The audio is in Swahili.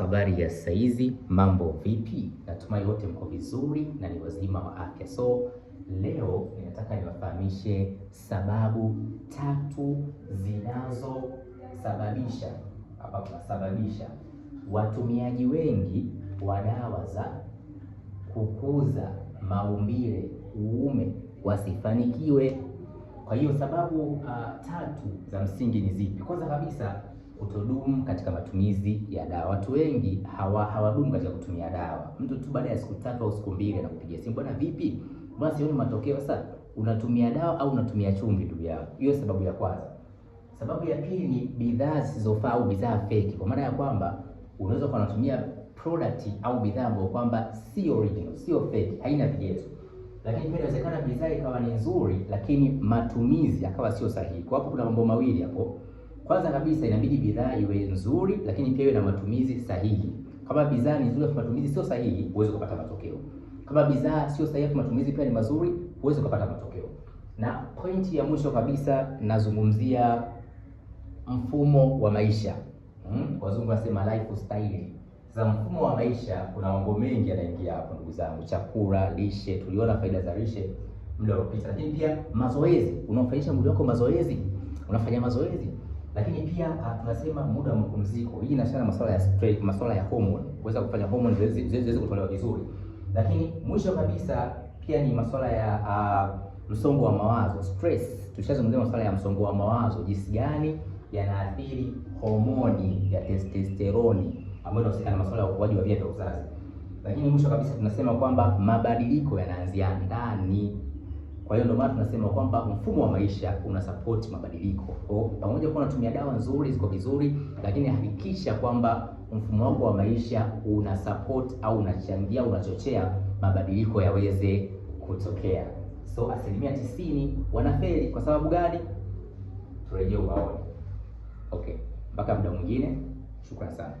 Habari ya saizi, mambo vipi? Natumai wote mko vizuri na ni wazima wa afya. So leo ninataka niwafahamishe sababu tatu zinazosababisha hapa, nasababisha watumiaji wengi wa dawa za kukuza maumbile uume wasifanikiwe. Kwa hiyo sababu uh, tatu za msingi ni zipi? Kwanza kabisa kutodumu katika matumizi ya dawa. Watu wengi hawa hawadumu katika kutumia dawa. Mtu tu baada ya siku tatu au siku mbili anakupigia simu, bwana, vipi, mbona sioni matokeo? Sasa unatumia dawa au unatumia chumvi, ndugu yangu? Hiyo sababu ya kwanza. Sababu ya pili ni bidhaa zisizofaa au bidhaa feki, kwa maana ya kwamba unaweza kuwa unatumia product au bidhaa ambayo kwamba si original, sio fake, haina vigezo. Lakini pia inawezekana bidhaa ikawa ni nzuri, lakini matumizi yakawa sio sahihi. Kwa hapo kuna mambo mawili hapo. Kwanza kabisa inabidi bidhaa iwe nzuri, lakini pia iwe na matumizi sahihi. Kama bidhaa ni nzuri kwa matumizi sio sahihi, huwezi kupata matokeo. Kama bidhaa sio sahihi kwa matumizi pia ni mazuri, huwezi kupata matokeo. Na pointi ya mwisho kabisa nazungumzia mfumo wa maisha. Hmm? Wazungu wanasema lifestyle. Sasa mfumo wa maisha kuna mambo mengi yanaingia hapo ndugu zangu. Chakula, lishe, tuliona faida za lishe muda uliopita. Lakini pia mazoezi, Unafanyisha mwili wako mazoezi, unafanya mazoezi lakini pia ah, tunasema muda wa mapumziko, hii inahusiana na masuala ya stress, masuala ya hormone, kuweza kufanya hormone ziweze kutolewa vizuri. Lakini mwisho kabisa pia ni masuala ya uh, msongo wa mawazo stress. Tushazungumzia masuala ya msongo wa mawazo, jinsi gani yanaathiri homoni ya testosteroni ambayo inahusika na masuala ya ukuaji wa via vya uzazi. Lakini mwisho kabisa tunasema kwamba mabadiliko yanaanzia ndani. Kwa hiyo ndio maana tunasema kwamba mfumo wa maisha una support mabadiliko. Kwa hiyo pamoja kuwa unatumia dawa nzuri ziko vizuri, lakini hakikisha kwamba mfumo wako wa maisha una support au unachangia, unachochea mabadiliko yaweze kutokea. So asilimia tisini wanafeli kwa sababu gani? Turejee uwaone. Okay, mpaka muda mwingine, shukrani sana.